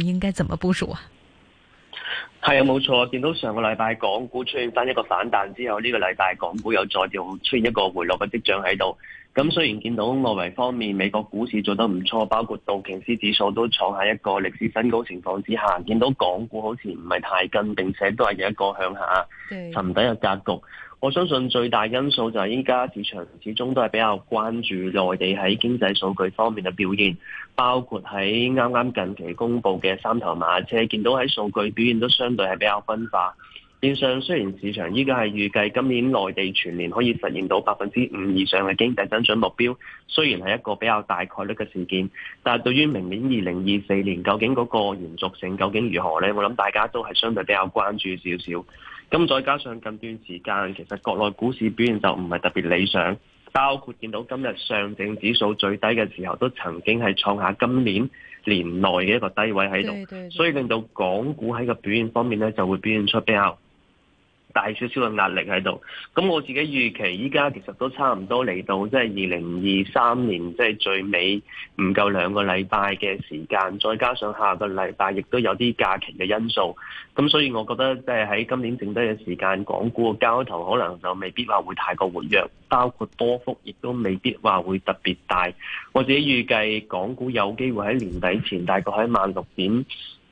應該怎麼部署啊？係啊，冇錯，見到上個禮拜港股出現翻一個反彈之後，呢個禮拜港股又再掉出現一個回落嘅跡象喺度。咁雖然見到外圍方面美國股市做得唔錯，包括道瓊斯指數都坐喺一個歷史新高情況之下，見到港股好似唔係太跟，並且都係有一個向下沉底嘅格局。我相信最大因素就係依家市場始終都係比較關注內地喺經濟數據方面嘅表現，包括喺啱啱近期公布嘅三頭馬車，見到喺數據表現都相對係比較分化。變相雖然市場依家係預計今年內地全年可以實現到百分之五以上嘅經濟增長目標，雖然係一個比較大概率嘅事件，但係對於明年二零二四年究竟嗰個延續性究竟如何呢？我諗大家都係相對比較關注少少。咁再加上近段時間，其實國內股市表現就唔係特別理想，包括見到今日上證指數最低嘅時候，都曾經係創下今年年內嘅一個低位喺度，所以令到港股喺個表現方面呢就會表現出比較。大少少嘅壓力喺度，咁我自己預期依家其實都差唔多嚟到，即係二零二三年即係最尾，唔夠兩個禮拜嘅時間，再加上下個禮拜亦都有啲假期嘅因素，咁所以我覺得即係喺今年剩低嘅時間，港股嘅交投可能就未必話會太過活躍，包括波幅亦都未必話會特別大。我自己預計港股有機會喺年底前大概喺萬六點。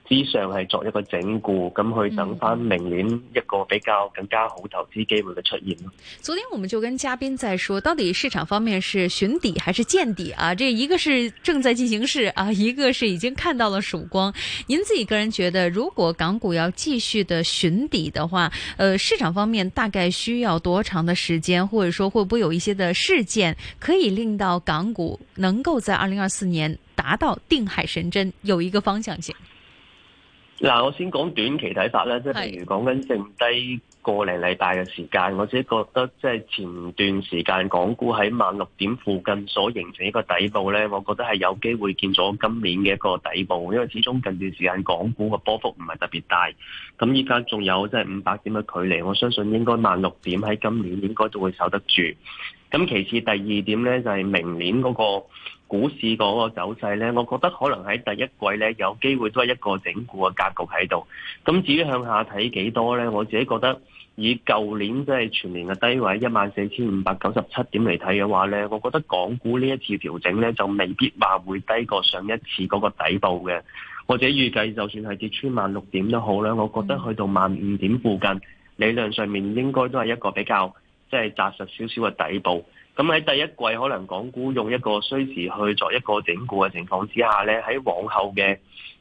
之上係作一個整固，咁去等翻明年一個比較更加好投資機會嘅出現、嗯。昨天我們就跟嘉賓在說，到底市場方面是尋底還是見底啊？這、啊、一個是正在進行式啊，一個是已經看到了曙光。您自己個人覺得，如果港股要繼續的尋底的話，呃，市場方面大概需要多長的時間，或者說會不會有一些的事件可以令到港股能夠在二零二四年達到定海神針，有一個方向性？嗱，我先講短期睇法啦，即係譬如講緊剩低個零禮拜嘅時間，我自己覺得即係前段時間港股喺萬六點附近所形成一個底部咧，我覺得係有機會見咗今年嘅一個底部，因為始終近段時間港股嘅波幅唔係特別大，咁依家仲有即係五百點嘅距離，我相信應該萬六點喺今年應該都會守得住。咁其次第二點咧，就係明年嗰個。股市嗰個走勢咧，我覺得可能喺第一季咧有機會都係一個整固嘅格局喺度。咁至於向下睇幾多咧，我自己覺得以舊年即係全年嘅低位一萬四千五百九十七點嚟睇嘅話咧，我覺得港股呢一次調整咧就未必話會低過上一次嗰個底部嘅。或者預計就算係跌穿萬六點都好啦，我覺得去到萬五點附近，理論上面應該都係一個比較即係紮實少少嘅底部。咁喺第一季可能港股用一個需時去作一個整固嘅情況之下呢，喺往後嘅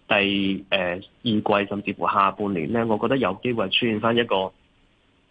第、呃、二季甚至乎下半年呢，我覺得有機會出現翻一個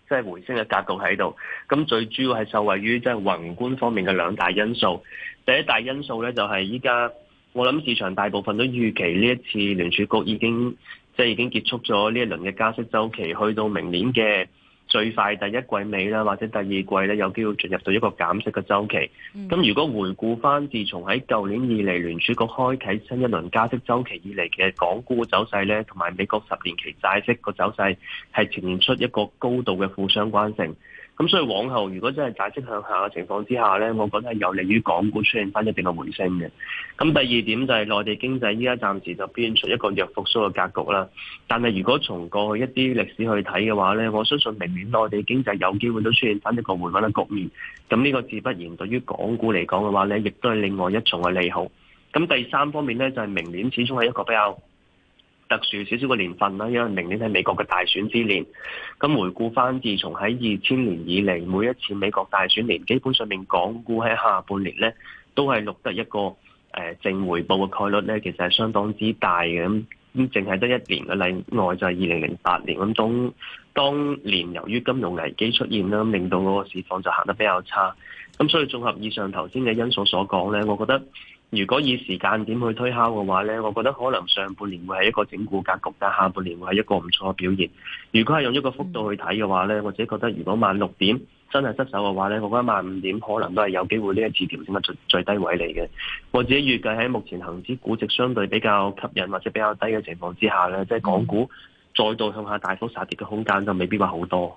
即係回升嘅格局喺度。咁最主要係受惠於即係宏觀方面嘅兩大因素。第一大因素呢，就係依家我諗市場大部分都預期呢一次聯儲局已經即係已經結束咗呢一輪嘅加息週期，去到明年嘅。最快第一季尾啦，或者第二季咧有機會進入到一個減息嘅週期。咁如果回顧翻，自從喺舊年以嚟聯儲局開啟新一輪加息週期以嚟嘅港股走勢咧，同埋美國十年期債息個走勢，係呈現出一個高度嘅負相關性。咁所以往後如果真係解釋向下嘅情況之下呢，我覺得係有利於港股出現翻一定嘅回升嘅。咁第二點就係、是、內地經濟依家暫時就表現出一個弱復甦嘅格局啦。但係如果從過去一啲歷史去睇嘅話呢，我相信明年內地經濟有機會都出現翻一個回穩嘅局面。咁呢個自不然對於港股嚟講嘅話呢，亦都係另外一重嘅利好。咁第三方面呢，就係、是、明年始終係一個比較。特殊少少嘅年份啦，因為明年係美國嘅大選之年。咁回顧翻，自從喺二千年以嚟，每一次美國大選年，基本上面港股喺下半年呢，都係錄得一個誒、呃、正回報嘅概率呢，其實係相當之大嘅。咁咁淨係得一年嘅例外就係二零零八年。咁當當年由於金融危機出現啦，咁令到嗰個市況就行得比較差。咁所以綜合以上頭先嘅因素所講呢，我覺得。如果以時間點去推敲嘅話，呢，我覺得可能上半年會係一個整固格局，但下半年會係一個唔錯嘅表現。如果係用一個幅度去睇嘅話，呢，我自己覺得如果萬六點真係失守嘅話，呢，我覺得萬五點可能都係有機會呢一次調整嘅最最低位嚟嘅。我自己預計喺目前恒指估值相對比較吸引或者比較低嘅情況之下呢，即港股再度向下大幅殺跌嘅空間就未必話好多。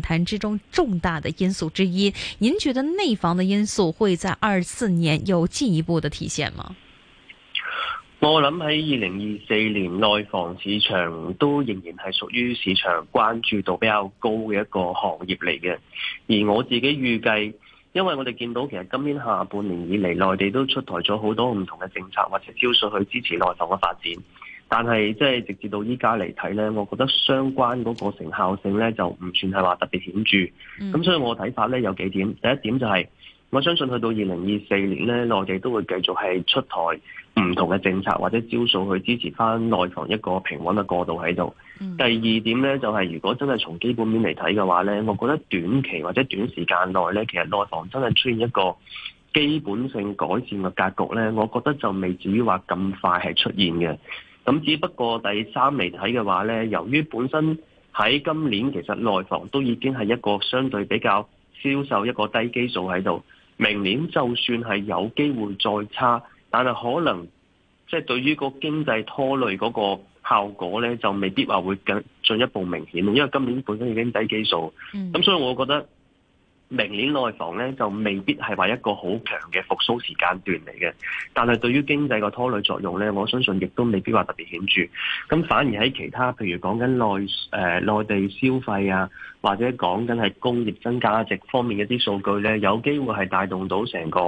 談之中重大的因素之一，您覺得內房的因素會在二四年有進一步的體現嗎？我諗喺二零二四年，內房市場都仍然係屬於市場關注度比較高嘅一個行業嚟嘅。而我自己預計，因為我哋見到其實今年下半年以嚟，內地都出台咗好多唔同嘅政策或者招數去支持內房嘅發展。但係，即係直接到依家嚟睇呢，我覺得相關嗰個成效性呢就唔算係話特別顯著。咁、mm. 嗯、所以我睇法呢有幾點，第一點就係、是、我相信去到二零二四年呢，內地都會繼續係出台唔同嘅政策或者招數去支持翻內房一個平穩嘅過渡喺度。Mm. 第二點呢，就係、是、如果真係從基本面嚟睇嘅話呢，我覺得短期或者短時間內呢，其實內房真係出現一個基本性改善嘅格局呢，我覺得就未至於話咁快係出現嘅。咁只不過第三嚟睇嘅話咧，由於本身喺今年其實內房都已經係一個相對比較銷售一個低基數喺度，明年就算係有機會再差，但係可能即係對於個經濟拖累嗰個效果咧，就未必話會更進一步明顯，因為今年本身已經低基數，嗯，咁所以我覺得。明年內房咧就未必係話一個好強嘅復甦時間段嚟嘅，但係對於經濟個拖累作用咧，我相信亦都未必話特別顯著。咁反而喺其他譬如講緊內、呃、內地消費啊，或者講緊係工業增加值方面嘅一啲數據咧，有機會係帶動到成個、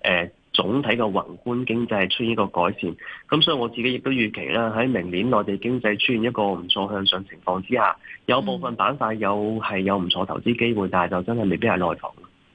呃總體嘅宏觀經濟出現一個改善，咁所以我自己亦都預期啦，喺明年內地經濟出現一個唔錯向上情況之下，有部分板塊有係有唔錯投資機會，但係就真係未必係內房。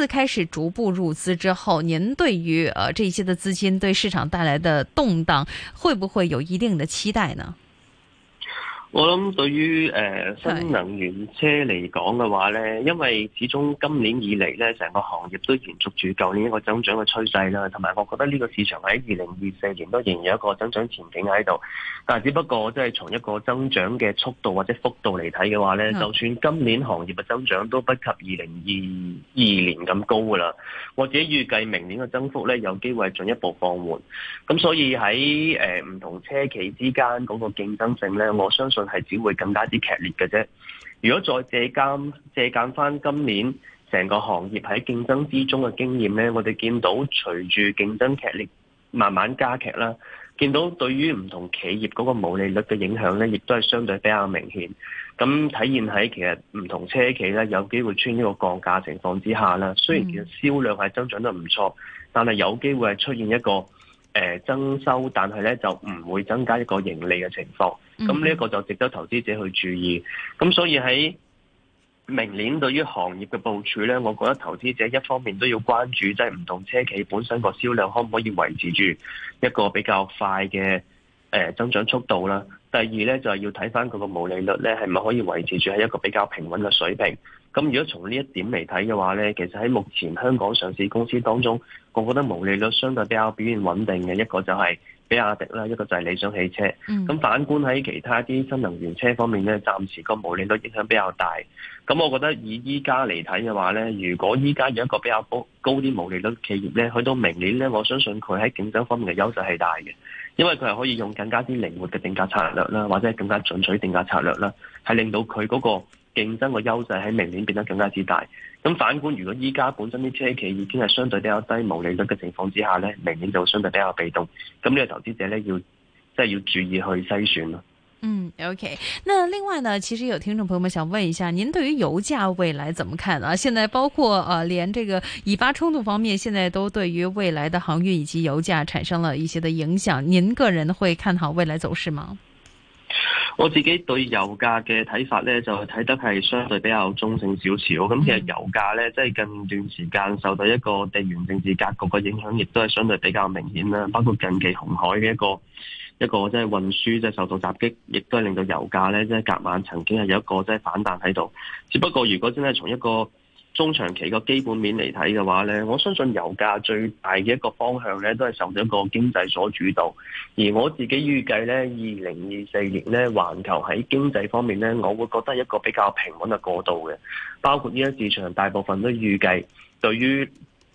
自開始逐步入資之後，您對於呃這些的資金對市場帶來的動盪，會不會有一定的期待呢？我諗對於誒新能源車嚟講嘅話呢，因為始終今年以嚟呢，成個行業都延續住舊年一個增長嘅趨勢啦。同埋，我覺得呢個市場喺二零二四年都仍然有一個增長前景喺度，但係只不過即係從一個增長嘅速度或者幅度嚟睇嘅話呢，就算今年行業嘅增長都不及二零二二年咁高噶啦。或者預計明年嘅增幅呢，有機會進一步放緩。咁所以喺誒唔同車企之間嗰個競爭性呢，我相信。係只會更加之劇烈嘅啫。如果再借鑒借鑒翻今年成個行業喺競爭之中嘅經驗呢，我哋見到隨住競爭劇烈慢慢加劇啦，見到對於唔同企業嗰個毛利率嘅影響呢，亦都係相對比較明顯。咁體現喺其實唔同車企呢，有機會出現呢個降價情況之下啦。雖然其實銷量係增長得唔錯，但係有機會係出現一個。誒、呃，增收，但係咧就唔會增加一個盈利嘅情況。咁呢一個就值得投資者去注意。咁所以喺明年對於行業嘅部署咧，我覺得投資者一方面都要關注，即係唔同車企本身個銷量可唔可以維持住一個比較快嘅誒、呃、增長速度啦。第二咧就係、是、要睇返佢個毛利率咧係咪可以維持住喺一個比較平穩嘅水平。咁如果從呢一點嚟睇嘅話呢，其實喺目前香港上市公司當中，我覺得毛利率相對比較表現穩定嘅一個就係比亞迪啦，一個就係理想汽車。咁、嗯、反觀喺其他啲新能源車方面呢，暫時個毛利率影響比較大。咁我覺得以依家嚟睇嘅話呢，如果依家有一個比較高高啲毛利率企業呢，去到明年呢，我相信佢喺競爭方面嘅優勢係大嘅，因為佢係可以用更加啲靈活嘅定價策略啦，或者係更加進取定價策略啦，係令到佢嗰、嗰個。競爭個優勢喺明年變得更加之大。咁反觀如果依家本身啲車企已經係相對比較低毛利率嘅情況之下呢，明年就相對比較被動。咁呢個投資者呢，要即係、就是、要注意去篩選咯。嗯，OK。那另外呢，其實有聽眾朋友們想問一下，您對於油價未來怎麼看啊？現在包括誒、呃、連這個以巴衝突方面，現在都對於未來的航運以及油價產生了一些的影響。您個人會看好未來走勢嗎？我自己對油價嘅睇法咧，就係睇得係相對比較中性少少。咁其實油價咧，即係近段時間受到一個地緣政治格局嘅影響，亦都係相對比較明顯啦。包括近期紅海嘅一個一個即係運輸即係受到襲擊，亦都係令到油價咧即係隔晚曾經係有一個即係反彈喺度。只不過如果真係從一個中長期個基本面嚟睇嘅話咧，我相信油價最大嘅一個方向咧，都係受咗一個經濟所主導。而我自己預計咧，二零二四年咧，環球喺經濟方面咧，我會覺得一個比較平穩嘅過渡嘅。包括而家市場大部分都預計對於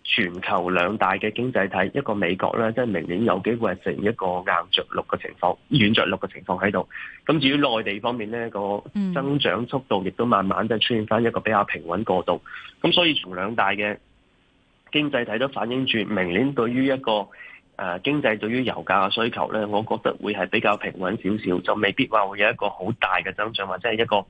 全球兩大嘅經濟體，一個美國咧，即係明年有機會係成一個硬着陸嘅情況，軟着陸嘅情況喺度。咁至於內地方面咧，個增長速度亦都慢慢即係出現返一個比較平穩過渡。咁所以從兩大嘅經濟體都反映住，明年對於一個誒、呃、經濟對於油價嘅需求咧，我覺得會係比較平穩少少，就未必話會有一個好大嘅增長，或者係一個。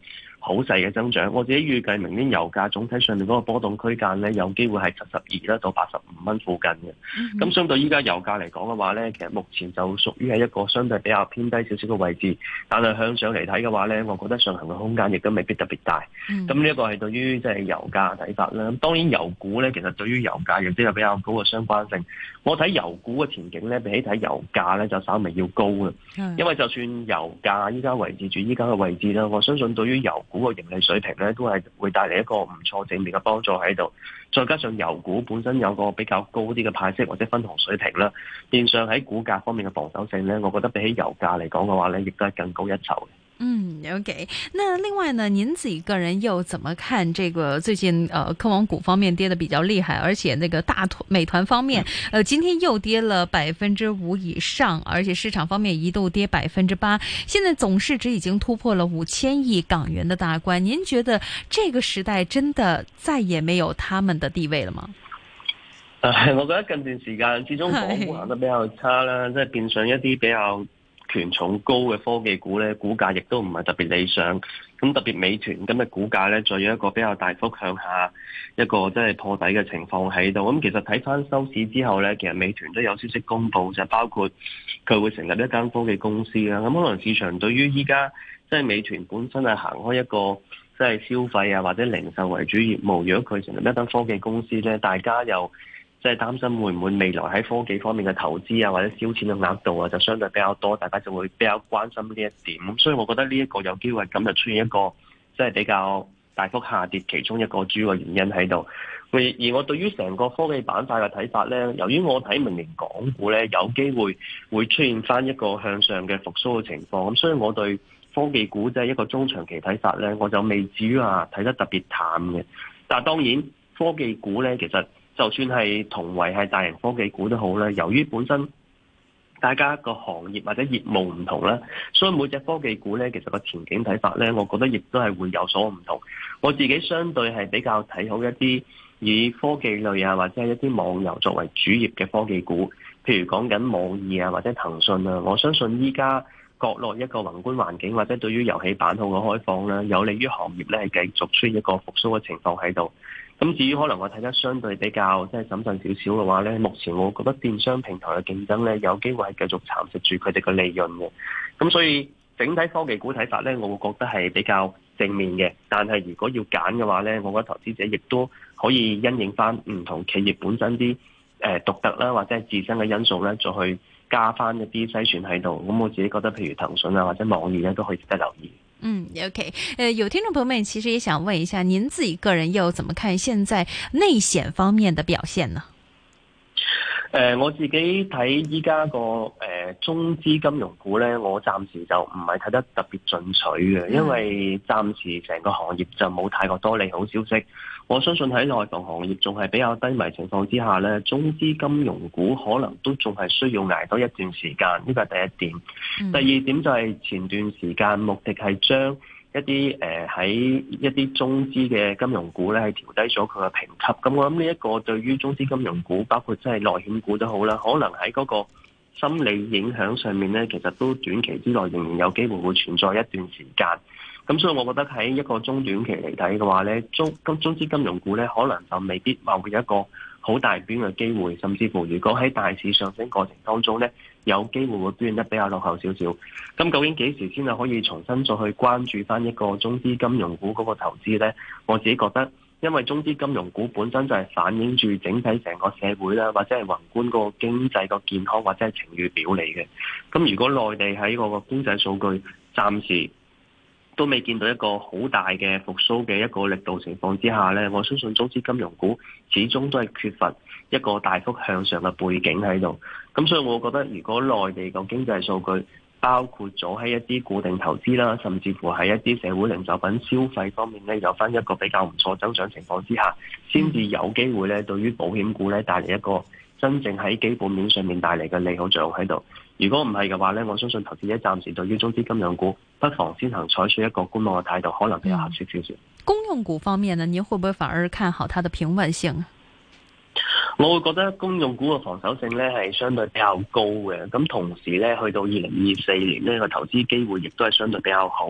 好細嘅增長，我自己預計明年油價總體上面嗰個波動區間咧，有機會係七十二到八十五蚊附近嘅。咁相對依家油價嚟講嘅話咧，其實目前就屬於係一個相對比較偏低少少嘅位置。但係向上嚟睇嘅話咧，我覺得上行嘅空間亦都未必特別大。咁呢一個係對於即係油價嘅睇法啦。當然油股咧，其實對於油價亦都有比較高嘅相關性。我睇油股嘅前景咧，比起睇油價咧，就稍微要高啦。因為就算油價依家維持住依家嘅位置啦，我相信對於油股嘅盈利水平咧，都係會帶嚟一個唔錯正面嘅幫助喺度。再加上油股本身有個比較高啲嘅派息或者分紅水平啦，變相喺股價方面嘅防守性咧，我覺得比起油價嚟講嘅話咧，亦都係更高一籌。嗯，OK。那另外呢，您自己個人又怎麼看這個最近呃，科網股方面跌得比較厲害，而且那個大團美團方面，呃，今天又跌了百分之五以上，而且市場方面一度跌百分之八，現在總市值已經突破了五千億港元的大關。您覺得這個時代真的再也沒有他們的地位了嗎？呃、啊，我覺得近段時間始終港股行得比較差啦，即、哎、係、就是、變成一啲比較。權重高嘅科技股呢，股價亦都唔係特別理想。咁特別美團，今日股價呢，再有一個比較大幅向下，一個即係破底嘅情況喺度。咁其實睇翻收市之後呢，其實美團都有消息公布，就包括佢會成立一間科技公司啦。咁可能市場對於依家即係美團本身係行開一個即係消費啊或者零售為主業務，如果佢成立一間科技公司呢，大家又。即係擔心會唔會未來喺科技方面嘅投資啊，或者燒錢嘅額度啊，就相對比較多，大家就會比較關心呢一點。咁所以，我覺得呢一個有機會咁就出現一個即係、就是、比較大幅下跌，其中一個主要嘅原因喺度。而我對於成個科技板塊嘅睇法呢，由於我睇明年港股呢，有機會會出現翻一個向上嘅復甦嘅情況，咁所以我對科技股即係一個中長期睇法呢，我就未至於話睇得特別淡嘅。但係當然，科技股呢，其實。就算係同為係大型科技股都好啦，由於本身大家個行業或者業務唔同啦，所以每隻科技股呢，其實個前景睇法呢，我覺得亦都係會有所唔同。我自己相對係比較睇好一啲以科技類啊，或者係一啲網遊作為主業嘅科技股，譬如講緊網易啊，或者騰訊啊。我相信依家國內一個宏觀環境或者對於遊戲版號嘅開放啦，有利於行業呢，係繼續出現一個復甦嘅情況喺度。咁至於可能我睇得相對比較即係審慎少少嘅話呢，目前我覺得電商平台嘅競爭呢，有機會係繼續蠶食住佢哋嘅利潤嘅。咁所以整體科技股睇法呢，我會覺得係比較正面嘅。但係如果要揀嘅話呢，我覺得投資者亦都可以因應翻唔同企業本身啲誒獨特啦，或者係自身嘅因素呢，再去加翻一啲篩選喺度。咁我自己覺得，譬如騰訊啊或者網易呢，都可以值得留意。嗯，OK，誒，有聽眾朋友們其實也想問一下，您自己個人又怎麼看現在內險方面的表現呢？誒、呃，我自己睇依家個誒中資金融股咧，我暫時就唔係睇得特別進取嘅，因為暫時成個行業就冇太過多利好消息。我相信喺內房行業仲係比較低迷情況之下咧，中資金融股可能都仲係需要挨多捱一段時間，呢個係第一點。第二點就係前段時間穆迪係將一啲誒喺一啲中資嘅金融股咧係調低咗佢嘅評級。咁我諗呢一個對於中資金融股，包括即係內險股都好啦，可能喺嗰個心理影響上面咧，其實都短期之內仍然有機會會存在一段時間。咁所以，我覺得喺一個中短期嚟睇嘅話咧，中金中資金融股咧，可能就未必話會有一個好大變嘅機會，甚至乎，如果喺大市上升過程當中咧，有機會會表現得比較落後少少。咁究竟幾時先係可以重新再去關注翻一個中資金融股嗰個投資咧？我自己覺得，因為中資金融股本身就係反映住整體成個社會啦，或者係宏觀個經濟個健康或者係情緒表嚟嘅。咁如果內地喺個經濟數據暫時，都未見到一個好大嘅復甦嘅一個力度情況之下呢，我相信中資金融股始終都係缺乏一個大幅向上嘅背景喺度。咁所以，我覺得如果內地嘅經濟數據包括咗喺一啲固定投資啦，甚至乎喺一啲社會零售品消費方面呢，有翻一個比較唔錯增長情況之下，先至有機會呢對於保險股呢帶嚟一個真正喺基本面上面帶嚟嘅利好作用喺度。如果唔係嘅話呢，我相信投資者暫時對於中資金融股，不妨先行採取一個觀望嘅態度，可能比較合適少少。公用股方面呢，你會唔會反而看好它的平穩性？我會覺得公用股嘅防守性呢係相對比較高嘅，咁同時呢，去到二零二四年呢個投資機會亦都係相對比較好，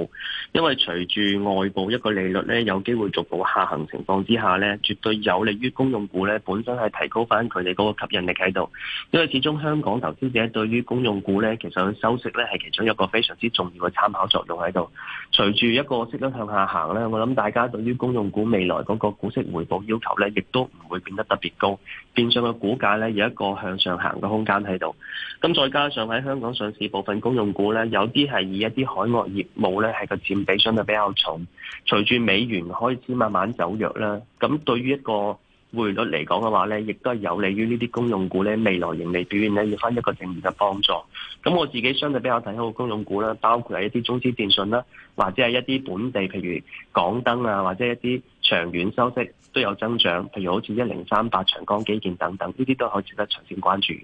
因為隨住外部一個利率呢，有機會逐步下行情況之下呢，絕對有利於公用股呢本身係提高翻佢哋嗰個吸引力喺度，因為始終香港投資者對於公用股呢其實佢收息呢係其中一個非常之重要嘅參考作用喺度，隨住一個息率向下行呢，我諗大家對於公用股未來嗰個股息回報要求呢，亦都唔會變得特別高。變相個股價咧有一個向上行嘅空間喺度，咁再加上喺香港上市部分公用股咧，有啲係以一啲海外業務咧係個佔比相對比較重，隨住美元開始慢慢走弱啦，咁對於一個匯率嚟講嘅話咧，亦都係有利於呢啲公用股咧未來盈利表現咧，要翻一個正面嘅幫助。咁我自己相對比較睇好嘅公用股啦，包括係一啲中資電信啦，或者係一啲本地，譬如港燈啊，或者一啲長遠收息都有增長，譬如好似一零三八長江基建等等，呢啲都可以值得長線關注嘅。